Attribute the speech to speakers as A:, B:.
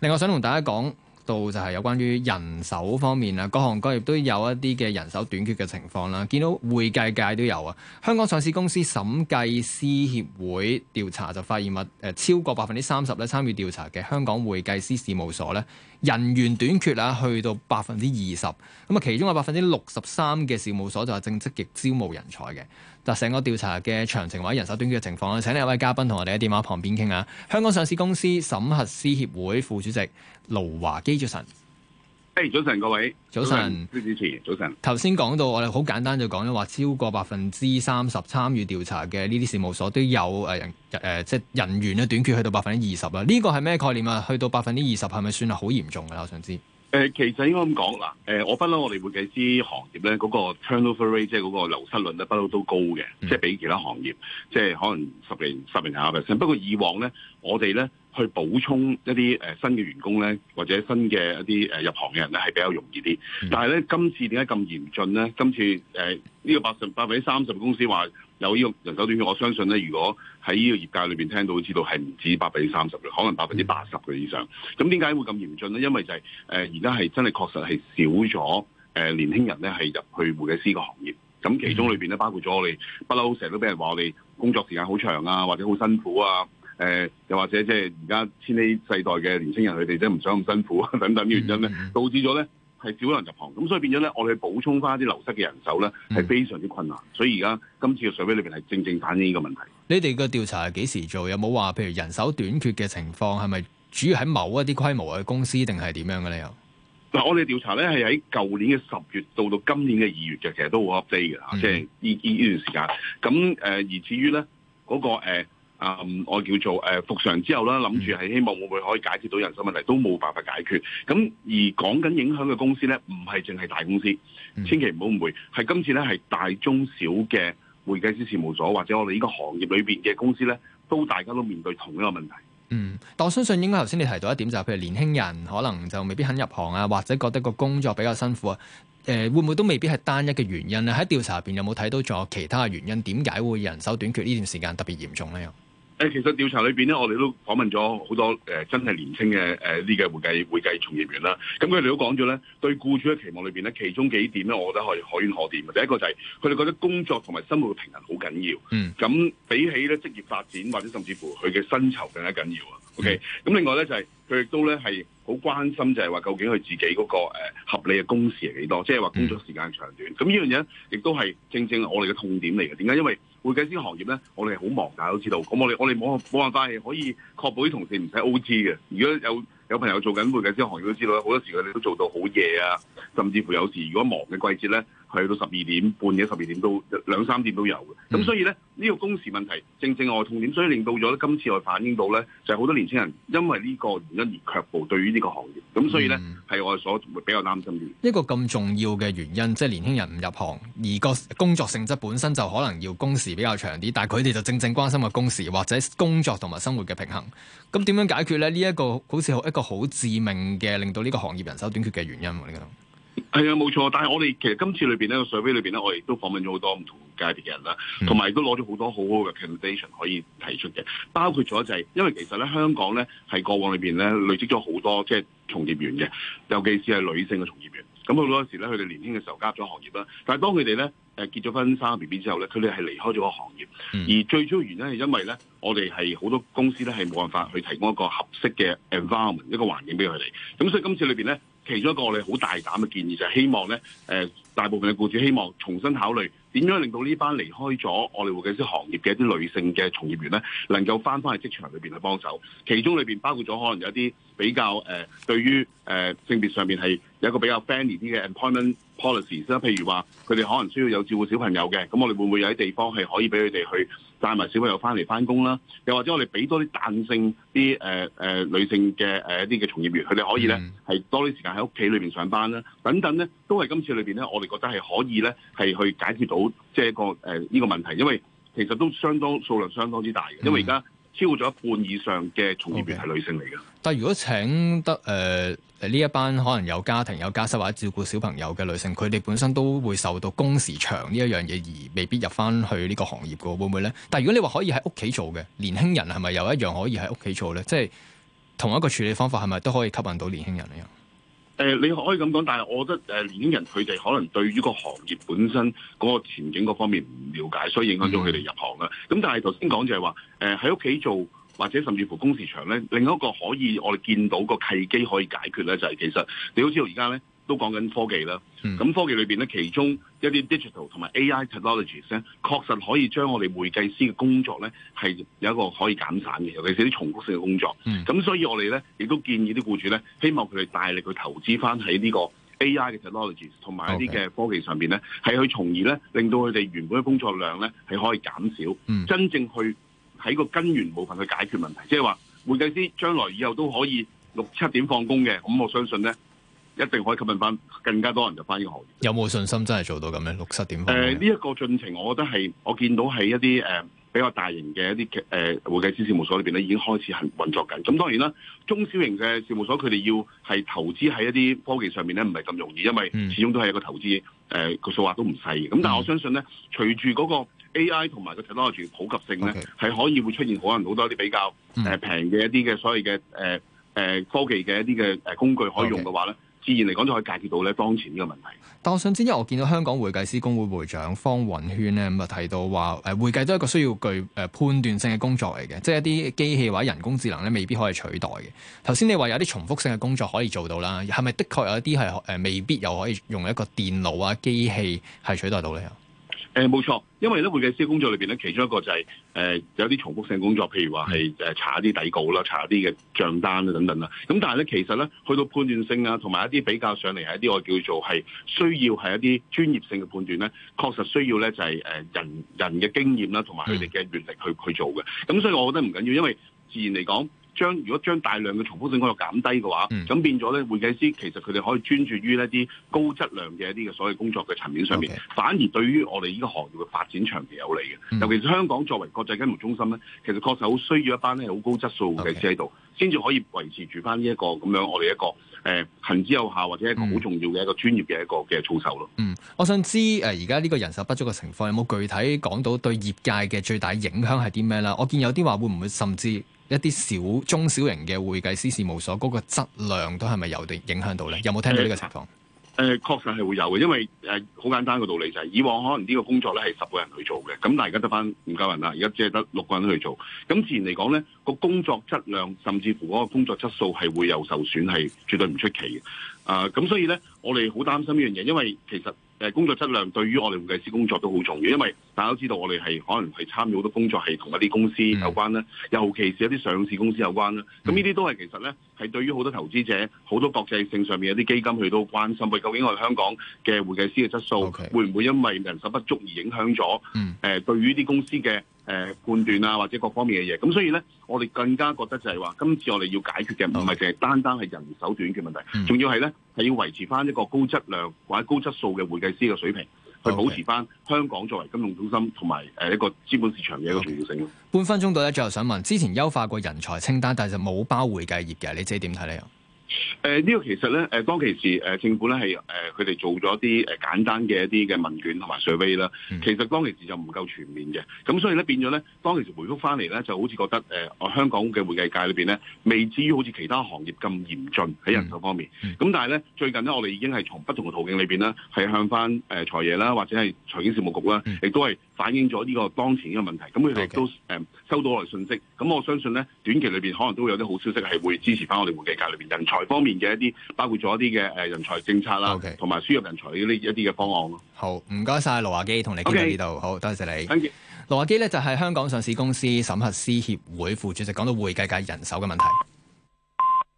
A: 另外想同大家講到就係有關於人手方面啦，各行各業都有一啲嘅人手短缺嘅情況啦。見到會計界都有啊，香港上市公司審計師協會調查就發現物誒超過百分之三十咧參與調查嘅香港會計師事務所呢人員短缺去到百分之二十咁啊，其中有百分之六十三嘅事務所就係正積極招募人才嘅。但成個調查嘅詳情或者人手短缺嘅情況咧，請嚟一位嘉賓同我哋喺電話旁邊傾下。香港上市公司審核師協會副主席盧華基，早晨。
B: Hey, 早晨，各位早晨，主持早晨。
A: 頭先講到，我哋好簡單就講咗話超過百分之三十參與調查嘅呢啲事務所都有誒人誒，即係人員咧短缺，這個，去到百分之二十啦。呢個係咩概念啊？去到百分之二十，係咪算係好嚴重噶？我想知。
B: 誒、呃，其實應該咁講嗱誒，我不嬲，我哋會計師行業咧，嗰、那個 turnover rate，即係嗰個流失率咧，不嬲都高嘅，嗯、即係比其他行業，即係可能十年十年人 percent。不過以往咧，我哋咧。去補充一啲、呃、新嘅員工咧，或者新嘅一啲、呃、入行嘅人咧，係比較容易啲。嗯、但係咧，今次點解咁嚴峻咧？今次誒呢、呃這個百分百分之三十嘅公司話有呢個人手短缺，我相信咧，如果喺呢個業界裏面聽到知道係唔止百分之三十嘅，可能百分之八十嘅以上。咁點解會咁嚴峻咧？因為就係而家係真係確實係少咗誒、呃、年輕人咧，係入去會計師嘅行業。咁其中裏面咧，包括咗我哋不嬲，成日都俾人話我哋工作時間好長啊，或者好辛苦啊。誒、呃、又或者即係而家千禧世代嘅年輕人佢哋真係唔想咁辛苦，等等原因咧，mm hmm. 導致咗咧係少人入行，咁所以變咗咧，我哋補充翻啲流失嘅人手咧係非常之困難，所以而家今次嘅水位裏面係正正反映呢個問題。
A: 你哋嘅調查係幾時做？有冇話譬如人手短缺嘅情況係咪主要喺某一啲規模嘅公司定係點樣嘅咧？又
B: 嗱、嗯，我哋調查咧係喺舊年嘅十月到到今年嘅二月嘅，其實都好 update 嘅即係依依段時間。咁、呃、而至於咧嗰、那個、呃啊、嗯，我叫做誒、呃、復常之後啦，諗住係希望會唔會可以解決到人手問題，都冇辦法解決。咁而講緊影響嘅公司呢，唔係淨係大公司，千祈唔好誤會。係、嗯、今次呢，係大中小嘅會計師事務所，或者我哋呢個行業裏面嘅公司呢，都大家都面對同一個問題。嗯，
A: 但我相信應該頭先你提到一點就係、是，譬如年輕人可能就未必肯入行啊，或者覺得個工作比較辛苦啊。誒、呃，會唔會都未必係單一嘅原因呢、啊、喺調查入邊有冇睇到咗其他嘅原因，點解會人手短缺呢段時間特別嚴重呢？
B: 誒，其實調查裏面咧，我哋都訪問咗好多誒、呃，真係年青嘅誒呢個會計會計從業員啦。咁佢哋都講咗咧，對僱主嘅期望裏面咧，其中幾點咧，我覺得可以可圈可點嘅。第一個就係佢哋覺得工作同埋生活嘅平衡好緊要。嗯，咁比起咧職業發展或者甚至乎佢嘅薪酬更加緊要啊。OK，咁另外咧就係佢亦都咧係好關心就係話究竟佢自己嗰個合理嘅工時係幾多，即係話工作時間長短。咁呢樣嘢亦都係正正係我哋嘅痛點嚟嘅。點解？因為會計師行業咧，我哋係好忙，大家都知道。咁我哋我哋冇冇辦法係可以確保啲同事唔使 OT 嘅。如果有，有朋友做緊會計師行業都知道好多時佢哋都做到好夜啊，甚至乎有時如果忙嘅季節咧，去到十二點半嘅十二點都兩三點都有嘅。咁、嗯、所以呢，呢、這個工時問題正正係我痛點，所以令到咗今次我反映到咧，就係、是、好多年輕人因為呢個原因而卻步對於呢個行業。咁所以呢，係、嗯、我所會比較擔心啲一,
A: 一個咁重要嘅原因，即、就、係、是、年輕人唔入行，而個工作性質本身就可能要工時比較長啲，但佢哋就正正關心個工時或者工作同埋生活嘅平衡。咁點樣解決咧？呢一個好似好一。一個好致命嘅，令到呢個行業人手短缺嘅原因，呢個
B: 係啊，冇錯。但係我哋其實今次裏邊咧，個水杯 r v e 裏邊咧，我哋都訪問咗、嗯、好多唔同階別嘅人啦，同埋都攞咗好多好好嘅 r e c o n d a t i o n 可以提出嘅。包括咗就係、是，因為其實咧香港咧係過往裏邊咧累積咗好多即係從業員嘅，尤其是係女性嘅從業員。咁好多時咧，佢哋年輕嘅時候加入咗行業啦，但係當佢哋咧誒結咗婚生咗 BB 之後咧，佢哋係離開咗個行業。而最初原因係因為咧，我哋係好多公司咧係冇辦法去提供一個合適嘅 environment，一個環境俾佢哋。咁所以今次裏面咧。其中一個我哋好大膽嘅建議就係希望咧、呃，大部分嘅雇主希望重新考慮點樣令到呢班離開咗我哋會計師行業嘅一啲女性嘅從業員咧，能夠翻返去職場裏面去幫手，其中裏面包括咗可能有啲比較誒、呃，對於性別上面係有一個比較 friendly 啲嘅 employment。policy 譬如話，佢哋可能需要有照顧小朋友嘅，咁我哋會唔會有啲地方係可以俾佢哋去帶埋小朋友返嚟返工啦？又或者我哋俾多啲彈性，啲誒誒女性嘅誒一啲嘅從業員，佢哋可以咧係多啲時間喺屋企裏邊上班啦。等等咧，都係今次裏邊咧，我哋覺得係可以咧係去解決到即係一個誒呢個問題，因為其實都相當數量相當之大嘅，因為而家超過咗一半以上嘅從業員係女性嚟嘅。Okay.
A: 但係如果請得誒？呃呢一班可能有家庭有家室或者照顧小朋友嘅女性，佢哋本身都會受到工時長呢一樣嘢而未必入翻去呢個行業嘅，會唔會呢？但係如果你話可以喺屋企做嘅年輕人係咪又一樣可以喺屋企做呢？即係同一個處理方法係咪都可以吸引到年輕人呢？誒、
B: 呃，你可以咁講，但係我覺得誒年輕人佢哋可能對於個行業本身嗰個前景嗰方面唔了解，所以影響咗佢哋入行啦。咁、嗯、但係頭先講就係話誒喺屋企做。或者甚至乎工時長咧，另一個可以我哋見到個契機可以解決咧，就係、是、其實你都知道而家咧都講緊科技啦。咁、嗯、科技裏面咧，其中一啲 digital 同埋 AI technologies 咧，確實可以將我哋會計師嘅工作咧係有一個可以減散嘅，尤其是啲重複性嘅工作。咁、嗯、所以我哋咧亦都建議啲僱主咧，希望佢哋大力去投資翻喺呢個 AI 嘅 technologies 同埋一啲嘅科技上面咧，係 Okay. 去從而咧令到佢哋原本嘅工作量咧係可以減少，嗯、真正去。喺個根源部分去解決問題，即係話會計師將來以後都可以六七點放工嘅，咁我相信咧一定可以吸引翻更加多人入翻呢個行業。
A: 有冇信心真係做到咁樣？六七點放
B: 工？誒呢一個進程，我覺得係我見到係一啲誒、呃、比較大型嘅一啲誒、呃、會計師事務所裏邊咧已經開始係運作緊。咁當然啦，中小型嘅事務所佢哋要係投資喺一啲科技上面咧，唔係咁容易，因為始終都係一個投資誒個、嗯呃、數額都唔細嘅。咁但我相信咧，嗯、隨住嗰、嗰個。A.I. 同埋個 technology 普及性咧，係可以會出現可能好多啲比較誒平嘅一啲嘅所謂嘅誒誒科技嘅一啲嘅誒工具可以用嘅話咧，自然嚟講就可以解決到咧當前呢個問題。
A: 但我想知，因為我見到香港會計師公會會長方雲軒咧咁啊提到話誒、呃、會計都係一個需要具誒判斷性嘅工作嚟嘅，即係一啲機器或者人工智能咧未必可以取代嘅。頭先你話有啲重複性嘅工作可以做到啦，係咪的確有一啲係誒未必又可以用一個電腦啊機器係取代到咧？
B: 誒，冇錯，因為咧會計師工作裏邊咧，其中一個就係、是、誒、呃、有啲重複性工作，譬如話係誒查一啲底稿啦，查一啲嘅賬單啦等等啦。咁但係咧，其實咧去到判斷性啊，同埋一啲比較上嚟係一啲我叫做係需要係一啲專業性嘅判斷咧，確實需要咧就係誒人人嘅經驗啦，同埋佢哋嘅閱歷去去做嘅。咁所以我覺得唔緊要緊，因為自然嚟講。將如果將大量嘅重複性工作減低嘅話，咁、嗯、變咗咧，會計師其實佢哋可以專注於一啲高質量嘅一啲嘅所謂工作嘅層面上面。Okay. 反而對於我哋呢個行業嘅發展長期有利嘅。嗯、尤其是香港作為國際金融中心咧，其實確實好需要一班咧好高質素嘅師喺度，先至 Okay. 可以維持住翻呢一個咁樣我哋一個誒行、呃、之有效或者一個好重要嘅一個專業嘅一個嘅操守咯。嗯，
A: 我想知誒而家呢個人手不足嘅情況有冇具體講到對業界嘅最大影響係啲咩啦？我見有啲話會唔會甚至？一啲小中小型嘅會計師事務所嗰個質量都係咪有啲影響到咧？有冇聽到呢個情況？
B: 誒、嗯，確實係會有嘅，因為誒好簡單嘅道理就係以往可能呢個工作咧係十個人去做嘅，咁但係而家得翻唔夠人啦，而家只係得六個人去做，咁自然嚟講咧個工作質量甚至乎嗰個工作質素係會有受損，係絕對唔出奇嘅。誒、呃。咁所以咧我哋好擔心呢樣嘢，因為其實。誒工作質量對於我哋會計師工作都好重要，因為大家都知道我哋係可能係參與好多工作係同一啲公司有關啦，尤其是一啲上市公司有關啦，咁呢啲都係其實咧。係對於好多投資者，好多國際性上面有啲基金佢都關心，佢究竟我哋香港嘅會計師嘅質素會唔會因為人手不足而影響咗？誒 Okay.、呃，對於呢啲公司嘅、呃、判斷啊，或者各方面嘅嘢，咁所以咧，我哋更加覺得就係話，今次我哋要解決嘅唔係淨係單單係人手短缺問題，仲 Okay. 要係咧係要維持翻一個高質量或者高質素嘅會計師嘅水平。Okay. 保持翻香港作為金融中心同埋誒一個資本市場嘅一個重要性。
A: 半分鐘到咧，最後想問：之前優化過人才清單，但係就冇包會計業嘅，你自己點睇呢？
B: 誒，呢、呃這個其實咧，誒、呃，當其時，誒、呃，政府咧係誒，佢哋、呃、做咗啲誒簡單嘅一啲嘅問卷同埋 survey 啦。其實當其時就唔夠全面嘅，咁所以咧變咗咧，當其時回覆翻嚟咧，就好似覺得誒、呃，香港嘅會計界裏邊咧，未至於好似其他行業咁嚴峻喺人手方面。咁、嗯嗯嗯、但係咧，最近咧，我哋已經係從不同嘅途徑裏邊咧，係向翻誒財爺啦，或者係財經事務局啦，亦、嗯、都係，反映咗呢個當前呢個問題，咁佢哋都 Okay.、嗯、收到我哋信息，咁我相信咧，短期裏面可能都會有啲好消息係會支持翻我哋會計界裏面人才方面嘅一啲，包括咗一啲嘅人才政策啦、啊，同埋輸入人才呢一啲嘅方案、啊。
A: 好，唔該晒，盧華基同你傾到呢度，好多謝你。盧華 Thank you. 基咧就係、是、香港上市公司審核師協會副主席，講到會計界人手嘅問題。